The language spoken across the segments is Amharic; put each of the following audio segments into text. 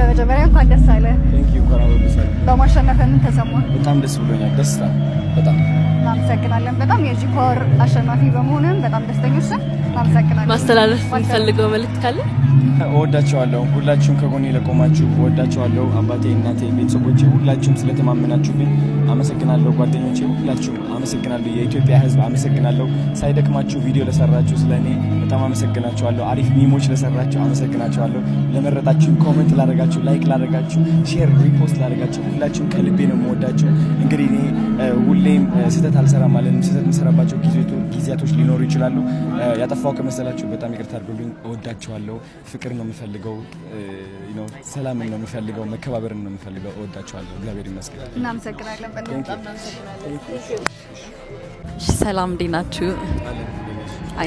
በመጀመሪያ እንኳን ደስ አለ። በማሸነፍ ምን ተሰማ? በጣም ደስ ብሎኛል። ደስታ በጣም እናመሰግናለን። በጣም የጂ ፓወር አሸናፊ በመሆንም በጣም ደስተኞች ነን። እናመሰግናለን። ማስተላለፍ የምትፈልገው መልዕክት ካለ እወዳቸዋለሁ። ሁላችሁም ከጎኔ ለቆማችሁ እወዳቸዋለሁ። አባቴ፣ እናቴ፣ ቤተሰቦቼ ሁላችሁም ስለተማመናችሁብኝ አመሰግናለሁ። ጓደኞቼ ሁላችሁም አመሰግናለሁ። የኢትዮጵያ ሕዝብ አመሰግናለሁ። ሳይደክማችሁ ቪዲዮ ለሰራችሁ ስለ እኔ በጣም አመሰግናችኋለሁ። አሪፍ ሚሞች ለሰራችሁ አመሰግናችኋለሁ። ለመረጣችሁ፣ ኮመንት ላደረጋችሁ፣ ላይክ ላደረጋችሁ፣ ሼር ሪፖስት ላደረጋችሁ ሁላችሁም ከልቤ ነው የምወዳችሁ። እንግዲህ እኔ ሁሌም ስህተት አልሰራም ማለት ስህተት የምሰራባቸው ጊዜቱ ጊዜያቶች ሊኖሩ ይችላሉ። ያጠፋው ከመሰላችሁ በጣም ይቅርታ አድርጉልኝ። እወዳችኋለሁ። ፍቅር ነው የምፈልገው፣ ሰላምን ነው የምፈልገው፣ መከባበርን ነው የምፈልገው። እወዳችኋለሁ። እግዚአብሔር ይመስገን። እናመሰግናለን። ሰላም፣ እንዴት ናችሁ?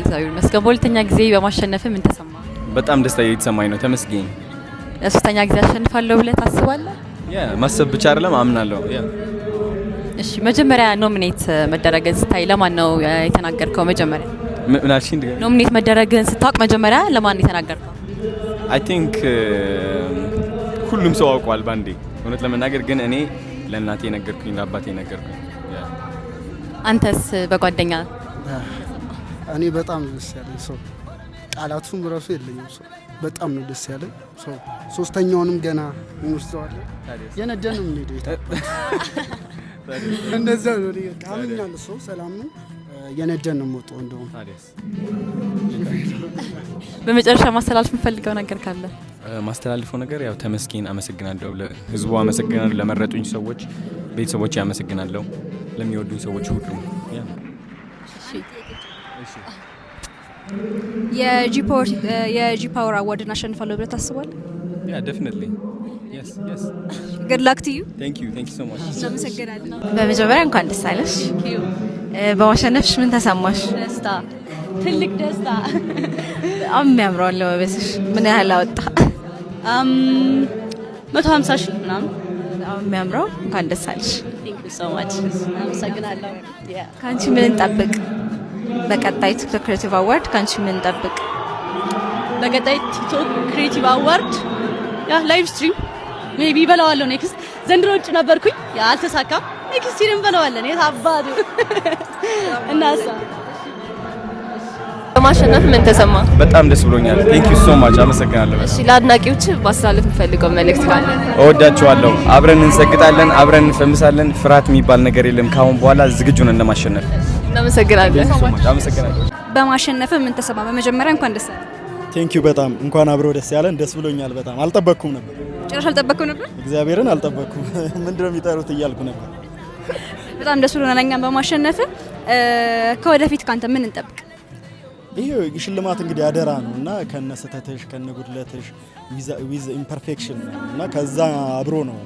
እግዚአብሔር ይመስገን። በሁለተኛ ጊዜ በማሸነፍ ምን ተሰማ? በጣም ደስታ የተሰማኝ ነው። ተመስገኝ። ለሶስተኛ ጊዜ አሸንፋለሁ ብለህ ታስባለህ? ማሰብ ብቻ አይደለም አምናለሁ። እሺ መጀመሪያ ኖሚኔት መደረግን ስታይ ለማን ነው የተናገርከው? መጀመሪያ ምናልሽን ኖሚኔት መደረግን ስታውቅ መጀመሪያ ለማን የተናገርከው? አይ ቲንክ ሁሉም ሰው አውቋል ባንዴ። እውነት ለመናገር ግን እኔ ለእናቴ ነገርኩኝ፣ ለአባቴ ነገርኩኝ። አንተስ በጓደኛ እኔ በጣም ደስ ያለኝ ሰው ቃላቱም ራሱ የለኝም። ሰው በጣም ነው ደስ ያለኝ ሰው። ሶስተኛውንም ገና እንወስደዋለን የነደንም ሄደ እንደዛ ነው። አምኛለሁ። ሰው ሰላም ነው። የነደን ነው የምወጣው። እንደውም በመጨረሻ ማስተላለፍ የምፈልገው ነገር ካለ ማስተላልፈው ነገር ያው ተመስገን አመሰግናለሁ፣ ህዝቡ አመሰግናለሁ፣ ለመረጡኝ ሰዎች ቤተሰቦች አመሰግናለሁ፣ ለሚወዱኝ ሰዎች ሁሉ። የጂ ፓወር አዋርድን አሸንፋለሁ ብለህ ታስባለህ? ያ ደፍኒትሊ ገድላክትዩ እናመሰግናለን። በመጀመሪያ እንኳን ደስ አለሽ። በማሸነፍሽ ምን ተሰማሽ? ደስታ፣ ትልቅ ደስታ። በጣም የሚያምረዋል ምን ያህል አወጣ? መቶ ሀምሳ ሺህ ምናምን። የሚያምረው እንኳን ደስ አለሽ። ከአንቺ ምን እንጠብቅ? በቀጣይ ቲክቶክ ክሬቲቭ አዋርድ ከአንቺ ምን እንጠብቅ? በቀጣይ ቲክቶክ ክሬቲቭ አዋርድ ያ ላይቭ ስትሪም ሜቢ በላዋለሁ። ኔክስት ዘንድሮ ውጭ ነበርኩኝ አልተሳካም። ኔክስት ይርም በላዋለን። የት አባቱ እናሳ በማሸነፍ ምን ተሰማ? በጣም ደስ ብሎኛል። ቴንክ ዩ ሶ ማች አመሰግናለሁ። እሺ ለአድናቂዎች ማስተላለፍ የምፈልገው መልእክት ካለ? እወዳችኋለሁ። አብረን እንሰግጣለን፣ አብረን እንፈምሳለን። ፍርሃት የሚባል ነገር የለም። ካሁን በኋላ ዝግጁ ነን ለማሸነፍ። እናመሰግናለን። በማሸነፍ ምን ተሰማ? በመጀመሪያ እንኳን ደስ ያለ። ቴንክ ዩ በጣም እንኳን አብሮ ደስ ያለን። ደስ ብሎኛል በጣም አልጠበቅኩም ነበር። ጭራሽ አልጠበቅኩም ነበር። እግዚአብሔርን አልጠበቅኩም። ምንድነው የሚጠሩት እያልኩ ነበር። በጣም ደስ ብሎናል እኛም በማሸነፍ። ከወደፊት ካንተ ምን እንጠብቅ? ይሄ ሽልማት እንግዲህ አደራ ነው እና ከነ ስህተትሽ ከነ ጉድለትሽ ዊዝ ኢምፐርፌክሽን እና ከዛ አብሮ ነው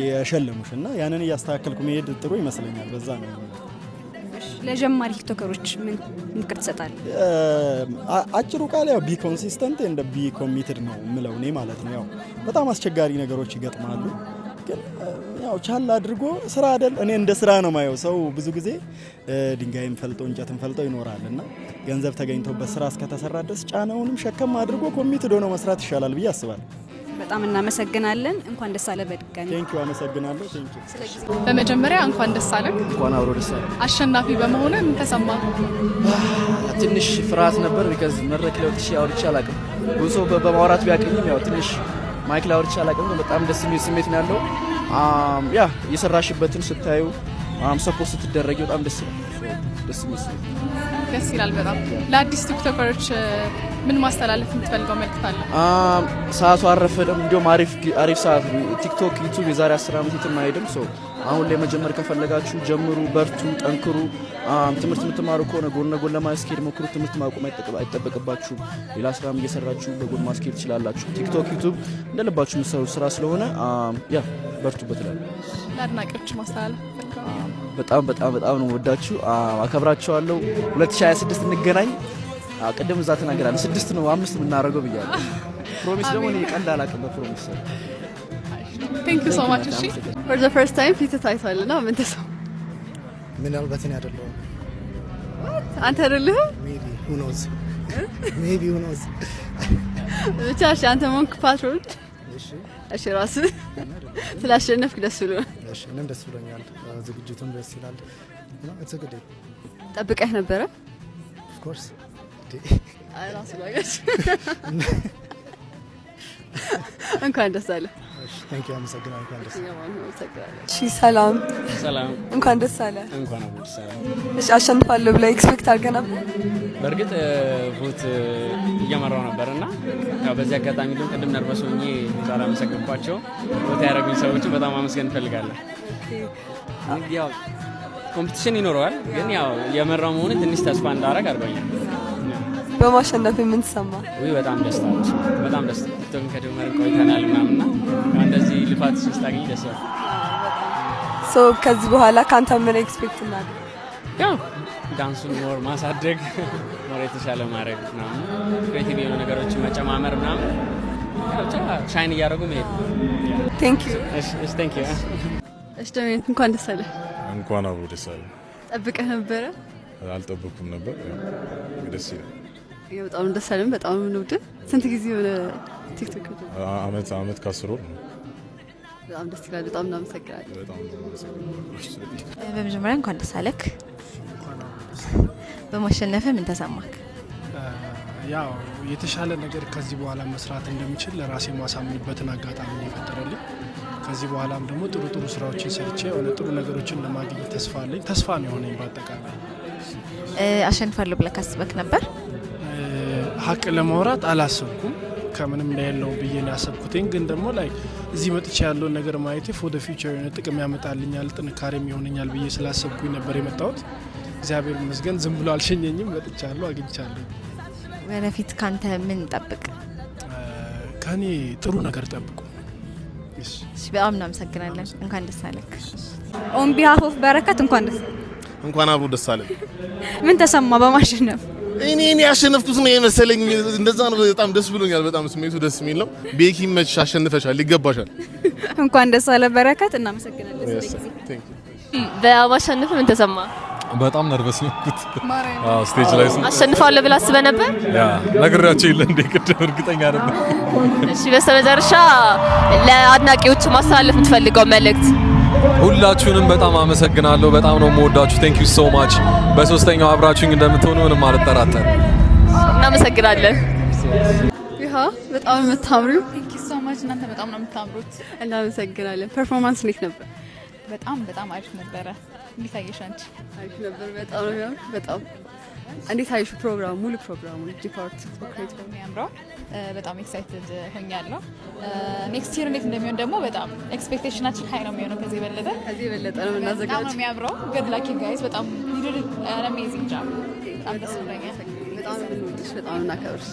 የሸለሙሽ እና ያንን እያስተካከልኩ መሄድ ጥሩ ይመስለኛል። በዛ ነው ለጀማሪ ቲክቶከሮች ምን ምክር ትሰጣል? አጭሩ ቃል ያው ቢ ኮንሲስተንት እንደ ቢ ኮሚትድ ነው የምለው እኔ ማለት ነው። ያው በጣም አስቸጋሪ ነገሮች ይገጥማሉ፣ ግን ያው ቻል አድርጎ ስራ አይደል እኔ እንደ ስራ ነው ማየው። ሰው ብዙ ጊዜ ድንጋይም ፈልጦ እንጨትም ፈልጦ ይኖራል እና ገንዘብ ተገኝቶበት ስራ እስከተሰራ ድረስ ጫናውንም ሸከም አድርጎ ኮሚትድ ሆኖ መስራት ይሻላል ብዬ አስባለሁ። በጣም እናመሰግናለን። እንኳን ደስ አለ በድጋሚ ቴንክ ዩ። አመሰግናለሁ። ቴንክ ቴንኪው። በመጀመሪያ እንኳን ደስ አለ። እንኳን አብሮ ደስ አለ። አሸናፊ በመሆነ ምን ተሰማ? ትንሽ ፍርሃት ነበር። ቢካዝ መድረክ ላይ ወጥቼ አውርቼ አላውቅም። ብዙ ሰው በማውራት ቢያቀኝም ያው ትንሽ ማይክ ላይ አውርቼ አላውቅም። በጣም ደስ የሚል ስሜት ነው ያለው። ያ የሰራሽበትን ስታዩ ሰፖርት ስትደረጊ በጣም ደስ ይላል። ደስ ይላል ደስ ይላል በጣም ለአዲስ ቲክቶከሮች ምን ማስተላለፍ የምትፈልገው መልእክት አለ? ሰዓቱ አረፈ። እንዲሁም አሪፍ ሰዓት ቲክቶክ፣ ዩቲዩብ የዛሬ 10 ዓመት የትም አይሄድም። ሰው አሁን ላይ መጀመር ከፈለጋችሁ ጀምሩ፣ በርቱ፣ ጠንክሩ። ትምህርት የምትማሩ ከሆነ ጎን ለጎን ለማስኬድ ሞክሩ። ትምህርት ማቆም አይጠበቅባችሁም። ሌላ ስራም እየሰራችሁ በጎን ማስኬድ ትችላላችሁ። ቲክቶክ፣ ዩቱብ እንደልባችሁ የምትሰሩ ስራ ስለሆነ ያ በርቱበት እላለሁ። ለአድናቂዎች ማስተላለፍ በጣም በጣም በጣም ነው ወዳችሁ አከብራችኋለሁ። 2026 እንገናኝ። ቅድም እዛ ተናገራለ ስድስት ነው አምስት የምናደርገው ብያለሁ። ፕሮሚስ ደግሞ እኔ ቀልድ አላውቅም። ፕሮሚስ ቴንክ ዩ ሶ ማች። እሺ ፎር ዘ ፈርስት ታይም ፊት ታይቷል እና ምን ተሰማ? ምናልባት እኔ አይደለሁም አንተ አይደለህም። ሜቢ ሁ ኖዝ ሜቢ ሁ ኖዝ ብቻ። እሺ አንተ ፓትሮል እሺ ስላሸነፍክ ደስ ብሎናል። እሺ እኔም ደስ ብሎኛል። ዝግጅቱም ደስ ይላል። እትግዴ ጠብቀህ ነበረ? ኦፍኮርስ እንኳን ደስ አለ። ሰላም ሰላም። እንኳን ደስ አለ። አሸንፋለሁ ብለህ ኤክስፔክት አድርገህ ነበር? በእርግጥ ቮት እየመራው ነበር እና በዚህ አጋጣሚ ግን ቅድም ነርበስ ሆኜ ላመሰግንባቸው ቦት ያደረጉኝ ሰዎች በጣም አመስገን ያው ኮምፒቲሽን ይኖረዋል፣ ግን ያው የመራው መሆኑ ትንሽ ተስፋ እንዳረግ አድርጎኛል። በማሸነፍ የምንሰማ ውይ በጣም ደስታ ነች። በጣም ደስ ቲክቶክን ከጀመርን ቆይተናል ምናምንና እንደዚህ ልፋት ስታገኝ ደስ ይላል። ከዚህ በኋላ ከአንተ ምን ኤክስፔክት እናደርግ? ያው ዳንሱን ሞር ማሳደግ፣ ሞር የተሻለ ማድረግ ምናምን ክሬቲቭ የሆኑ ነገሮችን መጨማመር ምናምን ሻይን እያደረጉ መሄድ። ቴንክ ዩ። እሺ ዶሜኒክ እንኳን ደስ አለህ። እንኳን አብሮ ደስ አለህ። ጠብቀህ ነበረ? አልጠበኩም ነበር። ደስ ይላል በጣም ደስ አለን። በጣም የምንወድህ ስንት ጊዜ የሆነ ቲክቶክ አመት አመት ከስሮ በጣም ደስ ይላል። በጣም እናመሰግናለን። በመጀመሪያ እንኳን ደስ አለክ። በማሸነፈ ምን ተሰማክ? ያው የተሻለ ነገር ከዚህ በኋላ መስራት እንደምችል ለራሴ ማሳምንበትን አጋጣሚ የፈጠረልኝ ከዚህ በኋላም ደግሞ ጥሩ ጥሩ ስራዎችን ሰርቼ የሆነ ጥሩ ነገሮችን ለማግኘት ተስፋ አለኝ። ተስፋ ነው የሆነኝ። በአጠቃላይ አሸንፋለሁ ብለህ ካስበክ ነበር? ሀቅ ለማውራት አላሰብኩም። ከምንም ላይ ያለው ብዬ ነው ያሰብኩትኝ። ግን ደግሞ ላይ እዚህ መጥቻ ያለውን ነገር ማየት ፎር ደ ፊውቸር የሆነ ጥቅም ያመጣልኛል፣ ጥንካሬም ይሆነኛል ብዬ ስላሰብኩኝ ነበር የመጣሁት። እግዚአብሔር ይመስገን ዝም ብሎ አልሸኘኝም። መጥቻለሁ፣ አግኝቻለሁ። ወደፊት ካንተ ምን ጠብቅ? ከኔ ጥሩ ነገር ጠብቁ። በጣም እናመሰግናለን። እንኳን ደስ አለክ። ኦን ቢሃፍ ኦፍ በረከት እንኳን ደስ እንኳን አብሮ ደስ አለን። ምን ተሰማ በማሸነፍ እኔን ያሸነፍኩት ነው የመሰለኝ። እንደዛ ነው። በጣም ደስ ብሎኛል። በጣም ስሜቱ ደስ የሚል ነው። ቤኪ መች አሸንፈሻል፣ ይገባሻል። እንኳን ደስ አለ በረከት። እናመሰግናለን። በማሸነፍ ምን ተሰማ? በጣም ነርቨስ ነውኩት። ስቴጅ ላይ አሸንፋለሁ ብላ አስበህ ነበር? ያ ነግሬያቸው የለ እንደ ቅድም እርግጠኛ ነበር። እሺ በስተ መጨረሻ ለአድናቂዎቹ ማስተላለፍ የምትፈልገው መልእክት ሁላችሁንም በጣም አመሰግናለሁ። በጣም ነው የምወዳችሁ። ቴንክ ዩ ሶ ማች። በሶስተኛው አብራችሁኝ እንደምትሆኑ ምንም አልጠራጠር። እናመሰግናለን። በጣም የምታምሩ እናንተ በጣም ነው የምታምሩት። እናመሰግናለን። ፐርፎርማንስ እንዴት ነበር? በጣም በጣም አሪፍ ነበረ። እንዴት አየሽ አንቺ? አሪፍ ነበር። በጣም ነው በጣም እንዴት አይሹ ፕሮግራሙ ሙሉ ፕሮግራሙ ዲፓርት የሚያምረው በጣም ኤክሳይትድ ሆኛለሁ። ኔክስት ይር እንዴት እንደሚሆን ደግሞ በጣም ኤክስፔክቴሽናችን ሀይ ነው የሚሆነው። ከዚህ የበለጠ ከዚህ የበለጠ ነው የምናዘጋጀው። በጣም የሚያምረው ገድ ላኪ ጋይዝ በጣም ሊድድ አሜዚንግ ጃ በጣም ደስ ብሎኛል። በጣም ብንወድሽ በጣም እናከብርሽ።